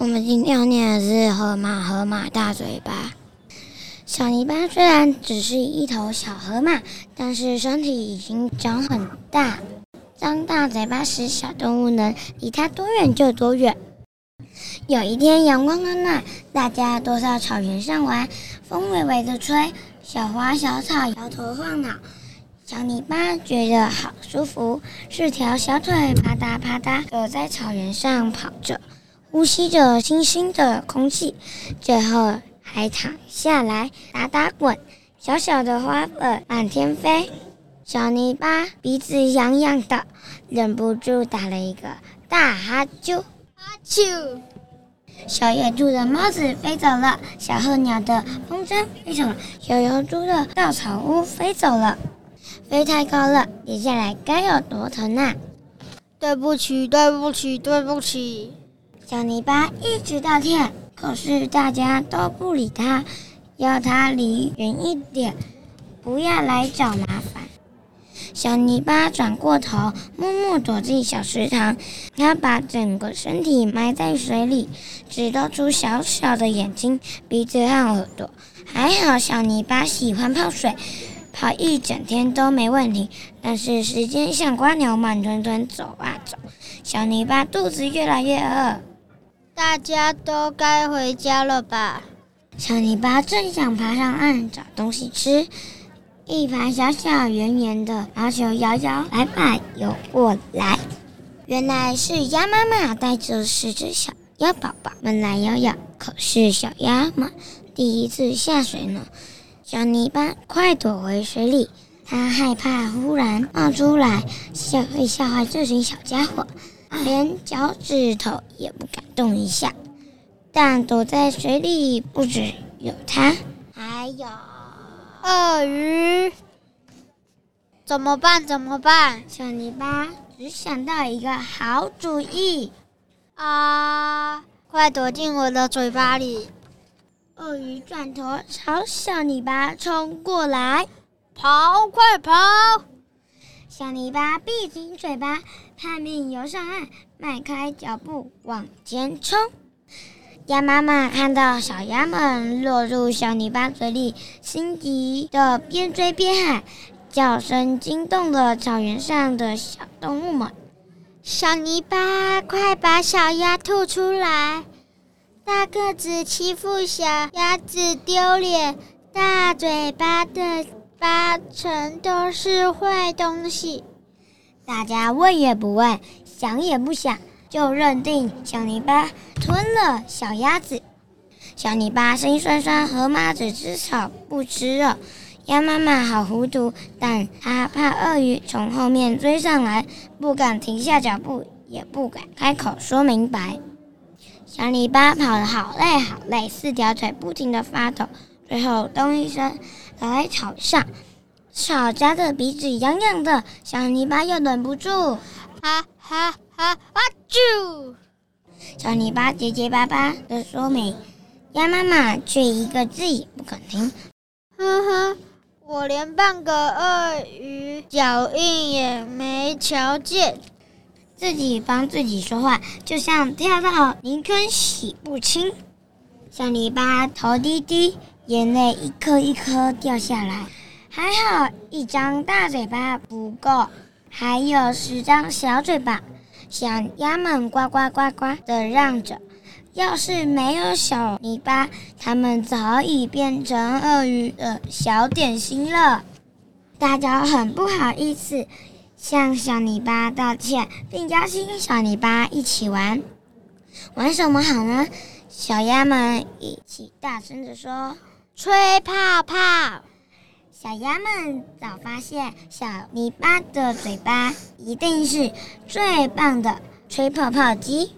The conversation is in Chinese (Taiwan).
我們今天要念的是《河馬河馬大嘴巴》。小泥巴雖然只是一頭小河馬，但是身體已經長很大。張大嘴巴時，小動物能離它多遠就多遠。有一天陽光溫暖，大家都在草原上玩。風微微的吹，小花小草搖頭晃腦。小泥巴覺得好舒服，四條小腿啪嗒啪嗒的在草原上跑着。呼吸着清新的空氣，最後還躺下來打打滾。小小的花粉滿天飛，小泥巴鼻子癢癢的，忍不住打了一個大哈啾。哈啾！小野兔的帽子飛走了，小候鳥的風箏飛走了，小疣豬的稻草屋飛走了。飛太高了，跌下來該有多疼啊！對不起，對不起，對不起。小泥巴一直道歉，可是大家都不理他，要他離遠一點，不要來找麻煩。小泥巴轉過頭，默默躲進小池塘。他把整個身體埋在水裡，只露出小小的眼睛、鼻子和耳朵。還好，小泥巴喜歡泡水，泡一整天都沒問題。但是時間像蝸牛慢吞吞走啊走，小泥巴肚子越來越餓。大家都該回家了吧？小泥巴正想爬上岸找東西吃，一排小小圓圓的毛球搖搖擺擺游過來，原來是鴨媽媽帶着十隻小鴨寶寶們來游泳。可是小鴨們第一次下水呢，小泥巴快躲回水裡，它害怕忽然冒出來嚇會嚇壞這群小家伙。連腳趾頭也不敢動一下，但躲在水裡不只有它，還有鱷魚。怎麼辦？怎麼辦？小泥巴只想到一個好主意，啊！快躲進我的嘴巴裡！鱷魚轉頭朝小泥巴衝過來，跑！快跑！小泥巴閉緊嘴巴，拼命游上岸，邁開腳步往前衝。鴨媽媽看到小鴨們落入小泥巴嘴裡，心急的邊追邊喊，叫聲驚動了草原上的小動物們。小泥巴，快把小鴨吐出來！大個子欺負小鴨子，丟臉！大嘴巴的。八成都是壞東西，大家問也不問，想也不想，就認定小泥巴吞了小鴨子。小泥巴心酸酸和媽之，河馬只吃草不吃肉。鴨媽媽好糊塗，但它怕鱷魚從後面追上來，不敢停下腳步，也不敢開口說明白。小泥巴跑得好累好累，四條腿不停地發抖。最後東來來，咚一聲，倒在草上，草扎得鼻子癢癢的。小泥巴又忍不住，哈哈哈！啊啾！小泥巴結結巴巴地說明，鴨媽媽卻一個字也不肯聽。呵呵，我連半個鱷魚腳印也沒瞧見，自己幫自己說話，就像跳到泥坑洗不清。小泥巴頭低低。眼淚一,一顆一顆掉下來。還好一張大嘴巴不夠，還有十張小嘴巴，小鴨們呱呱呱呱，呱地嚷著。要是沒有小泥巴，它們早已變成鱷魚的小點心了。大家很不好意思，向小泥巴道歉，並邀請小泥巴一起玩。玩什麼好呢？小鴨們一起大聲地說。吹泡泡，小鴨們早發現小泥巴的嘴巴一定是最棒的吹泡泡機。